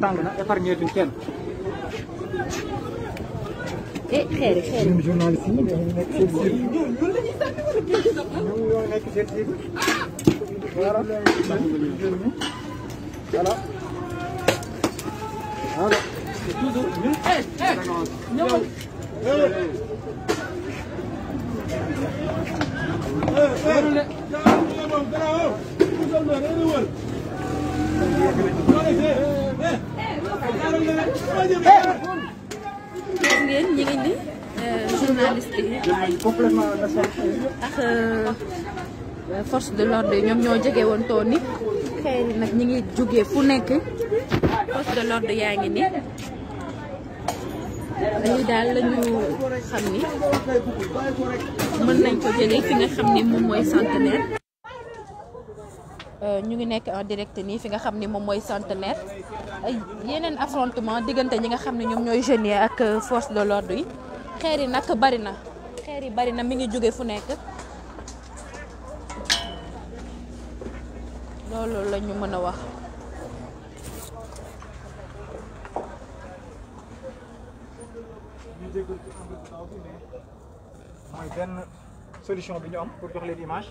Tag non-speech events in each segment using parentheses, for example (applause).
tàng na épargné tuñ kenn. eh xeer xeer ñun journaliste yi ñoo nekk seen biir ñoom ñoo nekk seen biir voilà voilà voilà toujours ñun ñëwal Hey, hey, hey. gis ngeen ñi ngi ni euh, journaliste yi ak euh, euh, force de l'ordre yi ñoom ñoo jege woon toon ni xeer yi nag ñi ngi jógee fu nekk force de l'ordre yaa ngi ni lii daal lañu xam ni mën nañ ko jëlee fi nga xam ni moom mooy centenaire Euh, ñu ngi nekk en direct ni fi nga xamni mom moy mooy ay yenen affrontement diggante ñi nga xamni ñom ñoy ñooy yi ak euh, force de l'ordre yi xeer yi nag bari na xeer yi bari na mi ngi joggé fu nekk loolu la ñu mën a wax mooy benn solution bi ñu am pour jox leen image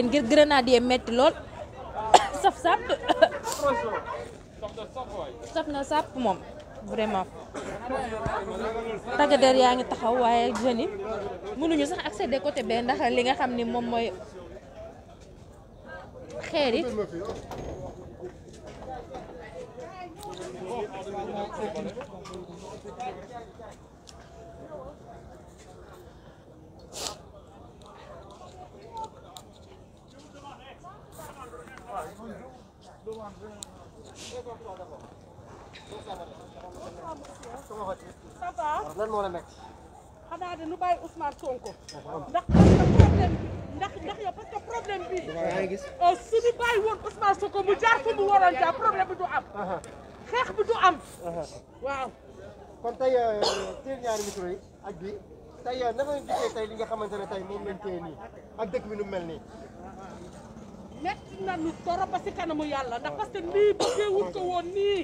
leen ngir grenadier metti lool (coughs) saf sàpp (coughs) saf na sàpp moom vraiment tagader yaa ngi taxaw waaye jeunes yi mënuñu sax accéder côté bee ndax li nga xam ni moom mooy xeer yi lan moo la nekk. xanaa de nu bàyyi Ousmane Sonko. ndax problème ndax ndax yow parce que problème bii. Euh, su ñu bàyyi woon Ousmane Sonko mu jaar fu mu waroon jaar problème bi du am. xeex bi du am. waaw. kon tey euh, teel ñaari micro yi ak bi tey euh, naka la ñu gisee tey li nga xamante ne tey moom lañ téye nii ak dëkk bi nu mel nii. metti nañu torop ba si kanamu yàlla ndax parce que nii wut ko woon nii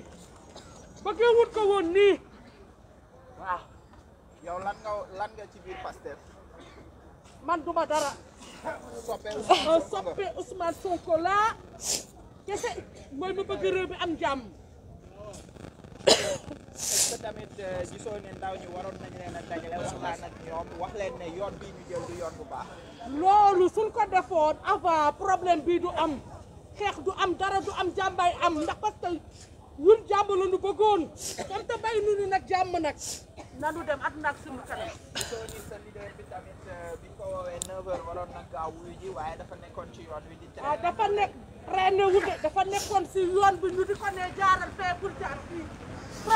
bëggee wut ko woon nii waaw yow lan nga lan nga ci biir Pastef man duma dara (laughs) ah, soppe Ousmane Sonko ma am (coughs) est-ce tamit euh, ndaw nañ ñoom wax leen ne yoon bii ñu jël du yoon bu baax. loolu suñ ko defoon avant problème bii du am xeex du am dara du am jàmbaay am ndax parce que ñun jàmm la ñu bëggoon comme te bay nu ñu nag jàmm nag nanu dem at nag suñu kanam. soo ni sa euh, ko woowee 9 waaye ah, dafa nekkoon ci yoon bi ñu di ko ne jaaral fee pour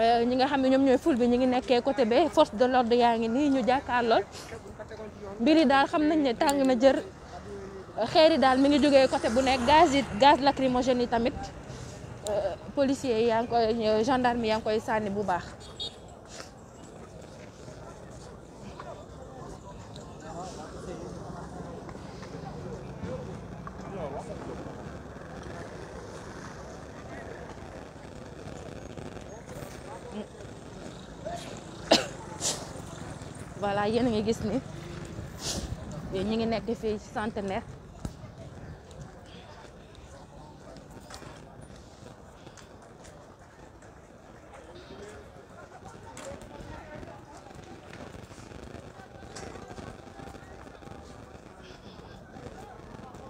Euh, ñi nga xam ne ñoom ñooy ful bi ñu ngi nekkee côté be force de l'ordre yaa ngi nii ñu jàkkaarlool mbir daal xam nañ ne tàng na jër xeer daal mi ngi jógee côté bu nekk gaz yi gaz lacrymogène yi tamit euh, policiers yaa ngi koy gendarme yaa ngi koy sànni bu baax voilà yéen a ngi gis ni ñu ngi nekk fii ci centenaire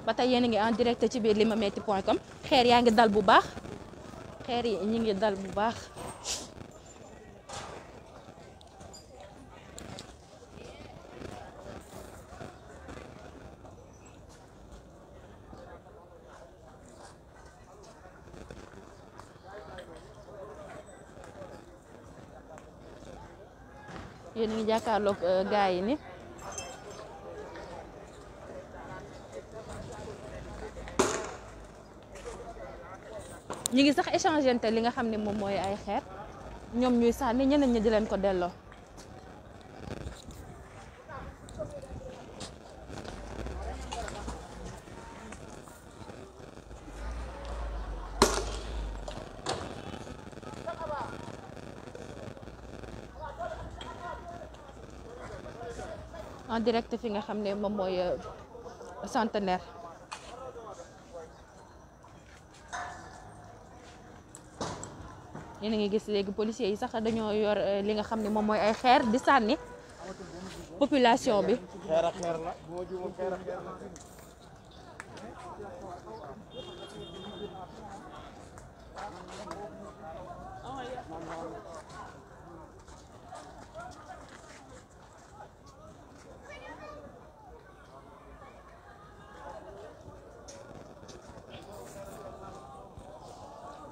ba tey ngi en direct ci biir limametti com xeer yaa ngi dal bu baax xeer yi ñu ngi dal bu baax yéen ngi jàkkaarloog euh, gaa yi ni ñu ngi sax échangeante li nga xam ne moom mooy ay xeet ñoom ñuy sànni ñeneen ñi di leen ko delloo en direct fi nga xamné mom moy euh, centenaire yéen a ngi gis légui policier yi sax dañu yor euh, li nga xamné mom moy ay xeer di sanni population bi ak ak la bo Oh, yeah.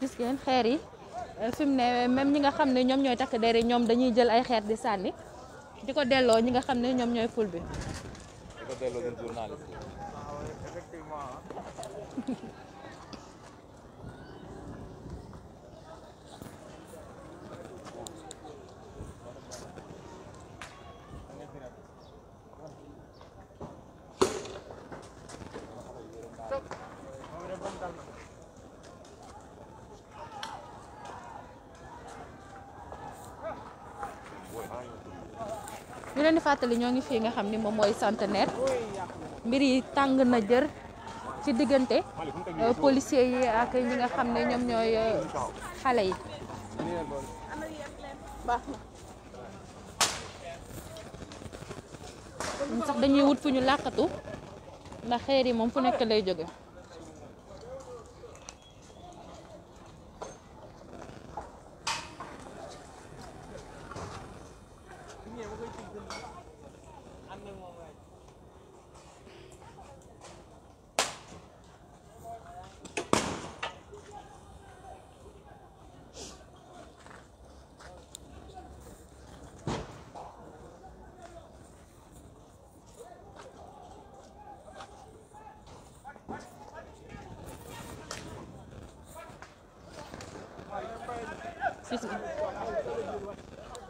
gis ngeen xeer yi eh, fi mu ne même ñi nga xam ne ñoom ñooy takk der yi ñoom dañuy jël ay xeer di sànni di ko delloo ñi nga xam ne ñoom ñooy ful bi. (laughs) leen di fatali ñoo ngi fi nga xamni mom moy centenaire mbiri tang na jër ci digënté euh, policier yi ak ñi nga xamni ñom ñoy euh, xalé yi ñu sax dañuy wut fu ñu làqatu ndax xeer yi moom fu nekk lay joggé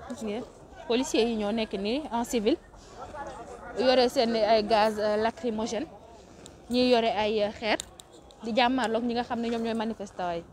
police policiers yi ñoo nek ni en civil yoré sen ay gaz euh, lacrymogène ñi yoré ay euh, xéer di jamarlok ñi nga xamné ñom ñoy ñooy manifestants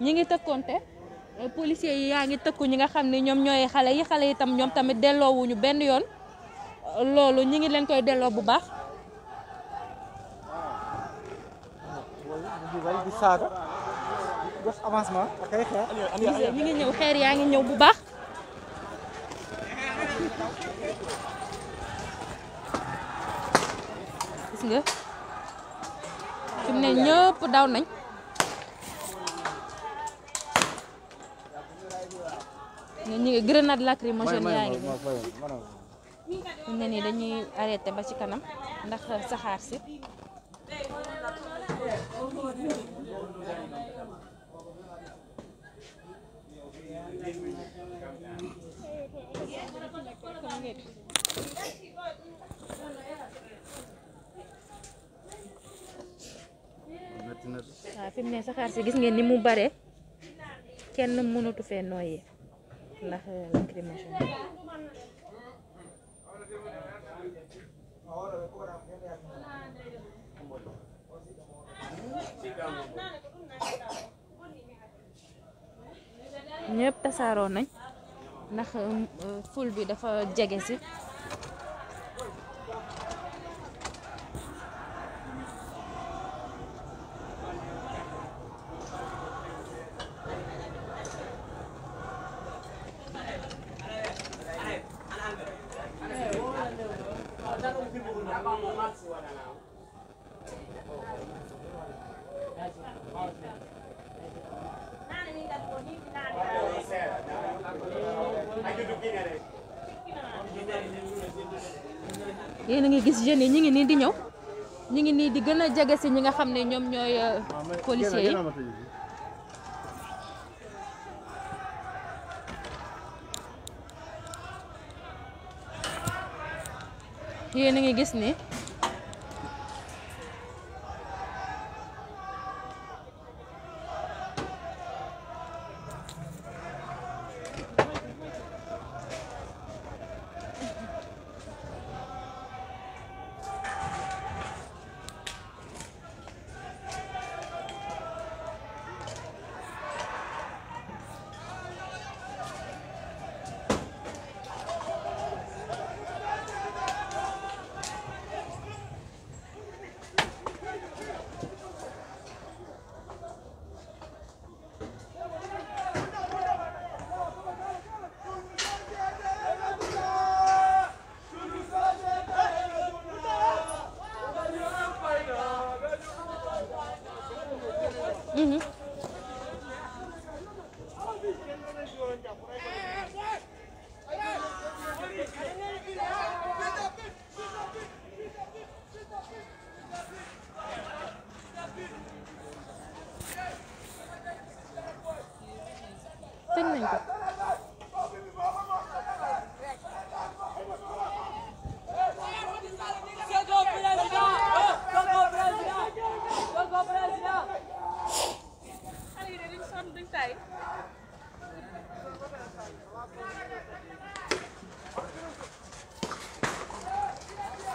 ñi ngi tëkkonte policier yi yaa ngi tëkku ñi nga xam ne ñoom ñooy xale yi xale itam ñoom tamit delloowuñu benn yoon loolu ñi ngi leen koy delloo bu baax di saaga def avancement ak ay xeer ñi ngi ñëw xeer yaa ngi ñëw bu baax gis nga fi ne daw nañ Ini grenade lacrymogène yaa ngi ni dañuy arrêté ba ci kanam ndax saxaar si fi ne gis ndax lacrymogène ñëpp tasaaroo nañ ndax euh, ful bi dafa jege si yéen a ngi gis jeunes yi ñu ngi nii di ñëw ñu ngi nii di gën a jege si ñi nga xam ne ñoom ñooy euh, policiers yi yéen a nga gis nii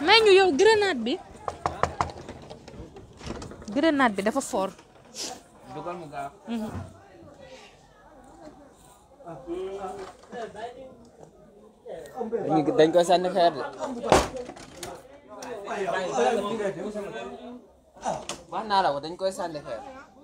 may ñu yow grenade bi grenade bi dafa fort. dugal mu gaaw. Mhm. dañ koy naa la ko dañ koy sànni